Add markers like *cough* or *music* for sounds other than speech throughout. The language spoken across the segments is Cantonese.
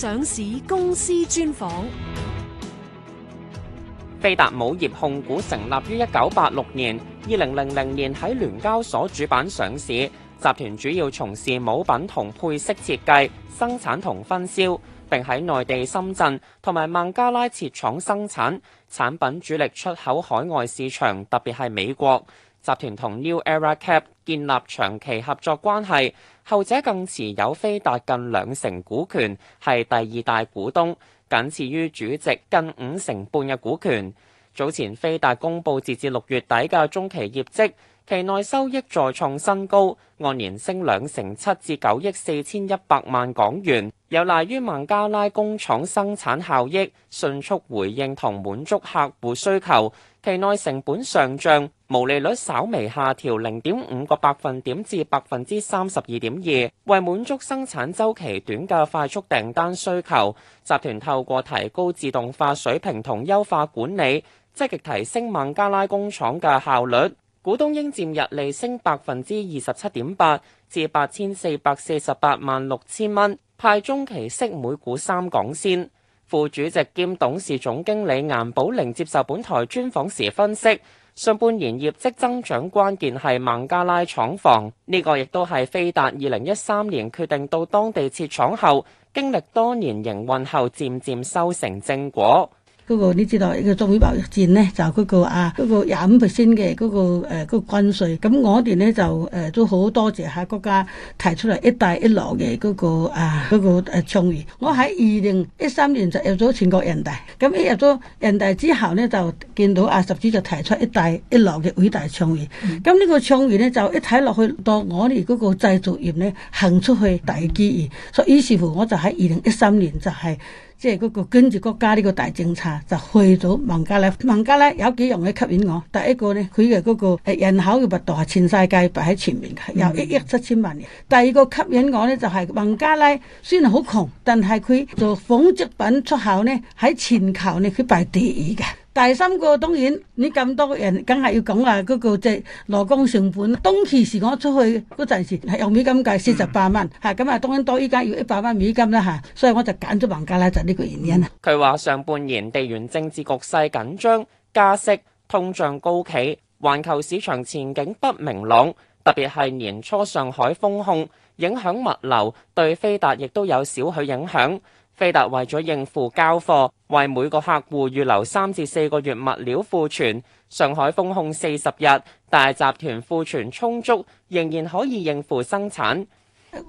上市公司專訪。飛達帽業控股成立於一九八六年，二零零零年喺聯交所主板上市。集團主要從事帽品同配飾設計、生產同分銷，並喺內地深圳同埋孟加拉設廠生產。產品主力出口海外市場，特別係美國。集團同 New Era Cap 建立長期合作關係，後者更持有飛達近兩成股權，係第二大股東，僅次於主席近五成半嘅股權。早前飛達公布截至六月底嘅中期業績。期內收益再創新高，按年升兩成七，至九億四千一百萬港元，有賴於孟加拉工廠生產效益迅速回應同滿足客戶需求。期內成本上漲，毛利率稍微下調零點五個百分點至百分之三十二點二，為滿足生產週期短嘅快速訂單需求，集團透過提高自動化水平同優化管理，積極提升孟加拉工廠嘅效率。股東應占溢利升百分之二十七點八，至八千四百四十八萬六千蚊，派中期息每股三港仙。副主席兼董事總經理顏寶玲接受本台專訪時分析，上半年業績增長關鍵係孟加拉廠房，呢、這個亦都係飛達二零一三年決定到當地設廠後，經歷多年營運後，漸漸收成正果。嗰個你知道，呢個中美貿易戰呢，就嗰個啊，嗰、那個廿五 percent 嘅嗰個誒嗰關稅，咁、呃那個、我哋呢，就誒都好多謝下國家提出嚟一帶一路嘅嗰、那個啊嗰、那個誒倡議。我喺二零一三年就入咗全國人大，咁一入咗人大之後呢，就見到阿、啊、習主席就提出一帶一路嘅偉大倡議，咁呢、嗯、個倡議呢，就一睇落去到我哋嗰個製造業呢，行出去大機遇，所以於是乎我就喺二零一三年就係、是。即係嗰個跟住國家呢個大政策就去到孟加拉，孟加拉有幾樣嘢吸引我。第一個呢，佢嘅嗰個人口嘅密度係全世界排喺前面嘅，嗯、1> 有一億七千萬人。第二個吸引我呢，就係、是、孟加拉雖然好窮，但係佢做紡織品出口呢，喺全球呢，佢排第二嘅。第三個當然，你咁多人梗係要講啊，嗰、這個即係勞工成本。當其時我出去嗰陣時美，係用美金計四十八蚊，嚇咁啊，當然多依家要一百蚊美金啦吓，所以我就揀咗孟加拉啦，就呢、是、個原因啊。佢話：上半年地緣政治局勢緊張，加息、通脹高企，環球市場前景不明朗，特別係年初上海封控影響物流，對飛達亦都有少許影響。飛達為咗應付交貨，為每個客戶預留三至四個月物料庫存。上海封控四十日，大集團庫存充足，仍然可以應付生產。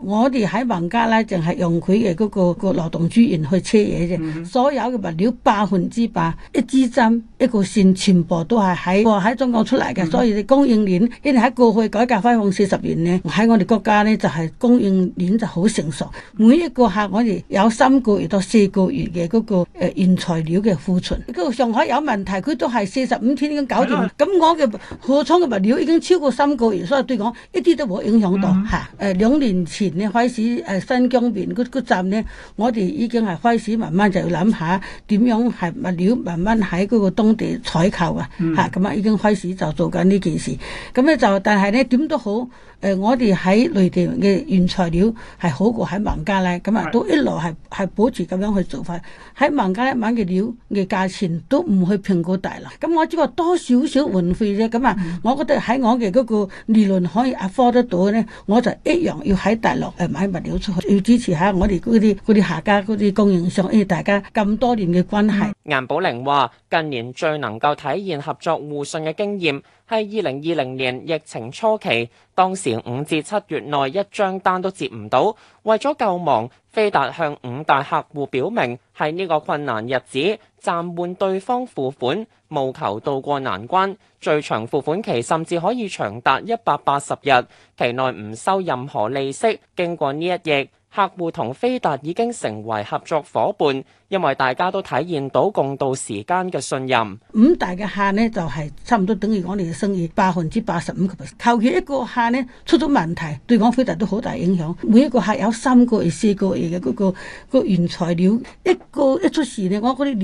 我哋喺孟加拉淨係用佢嘅嗰個個勞動資源去車嘢啫，嗯、所有嘅物料百分之百一支針一個線全部都係喺喺中國出嚟嘅，嗯、所以你供應鏈。因為喺過去改革開放四十年呢，喺我哋國家呢，就係、是、供應鏈就好成熟。每一個客我哋有三個月到四個月嘅嗰個誒原材料嘅庫存。如果上海有問題，佢都係四十五天已經搞掂。Genau. 咁我嘅貨倉嘅物料已經超過三個月，所以對我一啲都冇影響到。吓、嗯，誒、嗯呃、兩年。前呢開始誒新疆棉嗰嗰站咧，我哋已經係開始慢慢就要諗下點樣係物料慢慢喺嗰個當地採購啊吓咁啊已經開始就做緊呢件事咁咧就但係咧點都好誒，我哋喺內地嘅原材料係好過喺孟加拉咁啊，是都一路係係保持咁樣去做法喺孟加拉買嘅料嘅價錢都唔去平過大陸，咁、嗯，嗯、我只不過多少少運費啫咁啊，我覺得喺我嘅嗰個利潤可以 afford 得到咧，我就一樣要喺。大陸誒買物料出去，要支持下我哋嗰啲嗰啲下家嗰啲供應商，因大家咁多年嘅關係。顏寶玲話：近年最能夠體現合作互信嘅經驗，係二零二零年疫情初期，當時五至七月內一張單都接唔到，為咗救亡，飛達向五大客戶表明。喺呢個困難日子，暫緩對方付款，務求渡過難關。最長付款期甚至可以長達一百八十日，期內唔收任何利息。經過呢一役，客戶同飛達已經成為合作伙伴，因為大家都體驗到共度時間嘅信任。五大嘅客呢就係差唔多等於我哋嘅生意百分之八十五嘅。求其一個客呢出咗問題，對我飛達都好大影響。每一個客有三個月，四個月嘅嗰個，嗰個原材料，一個一出事呢，我嗰啲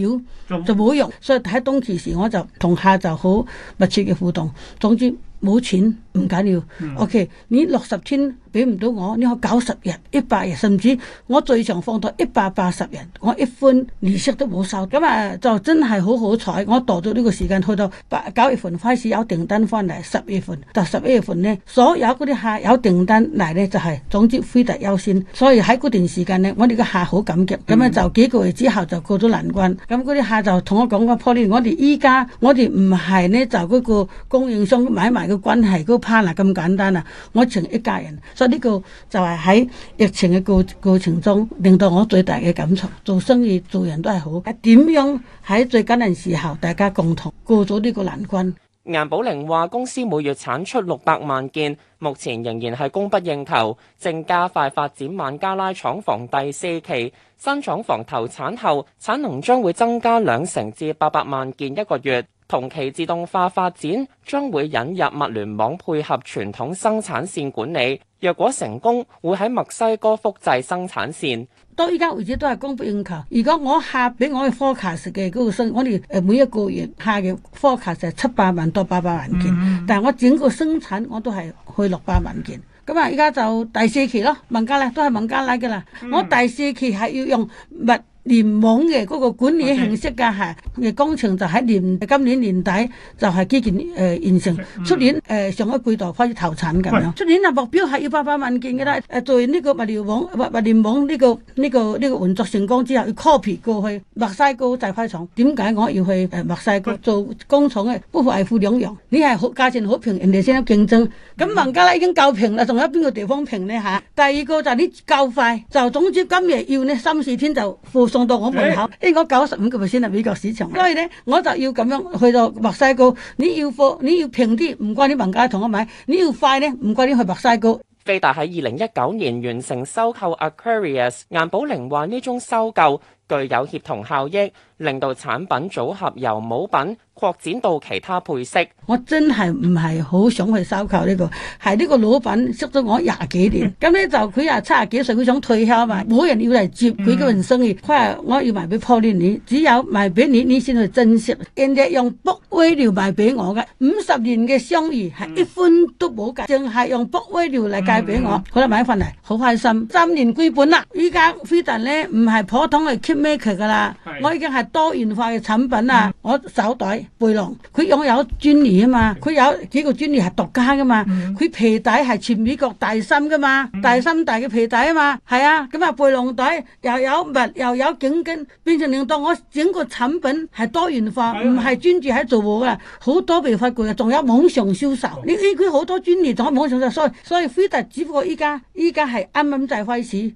料就冇用。所以喺冬期時我就同客就好密切嘅互動。總之。冇錢唔緊要，OK。你六十天俾唔到我，你可以九十日、一百日，甚至我最長放到一百八十日，我一分利息都冇收。咁啊就真係好好彩。我度咗呢個時間去到八九月份開始有訂單翻嚟，十月份就十一月份咧，所有嗰啲客有訂單嚟咧就係、是、總之非特優先。所以喺嗰段時間咧，我哋嘅客好感激。咁啊就幾個月之後就過咗難關，咁嗰啲客就同我講話破裂。我哋依家我哋唔係咧就嗰個供應商買埋。個關係嗰個 partner 咁簡單啊！我情一家人，所以呢個就係喺疫情嘅過過程中，令到我最大嘅感觸，做生意做人都係好，點樣喺最艱難時候，大家共同過咗呢個難關。顏寶玲話：公司每月產出六百萬件，目前仍然係供不應求，正加快發展孟加拉廠房第四期新廠房投產後，產能將會增加兩成至八百萬件一個月。同期自動化發展將會引入物聯網配合傳統生產線管理，若果成功，會喺墨西哥複製生產線。到依家位置都係供不應求，如果我下俾我嘅科 o r 嘅嗰個生，我哋誒每一個月下嘅科 o r 係七百萬到八百萬件，mm. 但係我整個生產我都係去六百萬件。咁啊，依家就第四期咯，孟加拉都係孟加拉嘅啦。Mm. 我第四期係要用物聯網嘅嗰個管理形式㗎，係嘅工程就喺年今年年底就係基建誒完成，Okay . um. 出年誒、呃、上一季度開始投產咁樣。い出年嘅目標係要八百萬件嘅啦、呃。做完呢個物流網物物聯網呢個呢、呢個呢、呢個運作成功之後，要 copy 過去墨西哥製坯廠。點解我要去誒墨西哥做工廠嘅？不負兩樣，你係好價錢好平，人哋先有競爭。咁孟加拉已經夠平啦，仲有邊個地方平呢？嚇？第二個就係你夠快，就總之今日要呢三四天就付。放到我門口，因為我十五個 percent 美國市場。所以咧，我就要咁樣去到墨西哥，你要貨你要平啲，唔怪啲文間同我買。你要快呢，唔怪啲去墨西哥。飛達喺二零一九年完成收購 Aquarius，顏寶玲話呢宗收購具有協同效益。令到產品組合由帽品擴展到其他配飾。我真係唔係好想去收購呢、這個，係呢個老闆識咗我廿幾年，咁咧 *laughs* 就佢又七十幾歲，佢想退休啊嘛，冇人要嚟接佢嘅人生意，佢話、嗯、我要賣俾破呢年，只有賣俾你，你先去珍惜。人哋用 book value 賣俾我嘅，五十年嘅商譽係一分都冇計，淨係用 book value 嚟計俾我，佢都、嗯、買返嚟好開心，三年歸本啦。依家飛達咧唔係普通係 cap maker 嘅啦，的我已經係。多元化嘅產品啊，嗯、我手袋、背囊，佢擁有專利啊嘛，佢有幾個專利係獨家噶嘛，佢、嗯、皮帶係全美國第三噶嘛，嗯、第三大嘅皮帶啊嘛，係啊，咁啊背囊袋又有物又有景筋，變成令到我整個產品係多元化，唔係、嗯嗯、專注喺做貨噶啦，好、嗯、多元化嘅，仲有網上銷售，嗯、你知佢好多專利仲喺網上，所以所以飛達只不過依家依家係啱啱就開始。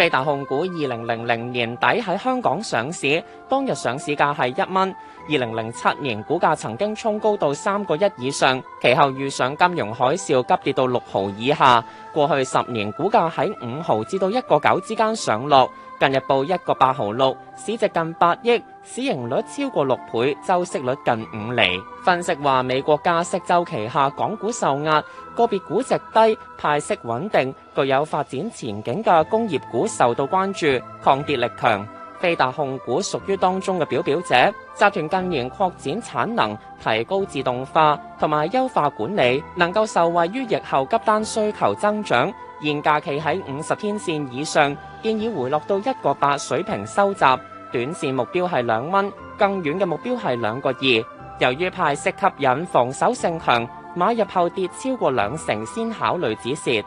飛達控股二零零零年底喺香港上市，當日上市價係一蚊。二零零七年股價曾經衝高到三個一以上，其後遇上金融海嘯，急跌到六毫以下。過去十年股價喺五毫至到一個九之間上落，近日報一個八毫六，市值近八億，市盈率超過六倍，周息率近五厘。分析話，美國加息周期下港股受壓，個別估值低，派息穩定，具有發展前景嘅工業股受到關注，抗跌力強。飛達控股屬於當中嘅表表者，集團近年擴展產能，提高自動化同埋優化管理，能夠受惠於疫後急單需求增長。現價企喺五十天線以上，建議回落到一個八水平收集，短線目標係兩蚊，更遠嘅目標係兩個二。由於派息吸引，防守性強，買入後跌超過兩成先考慮止蝕。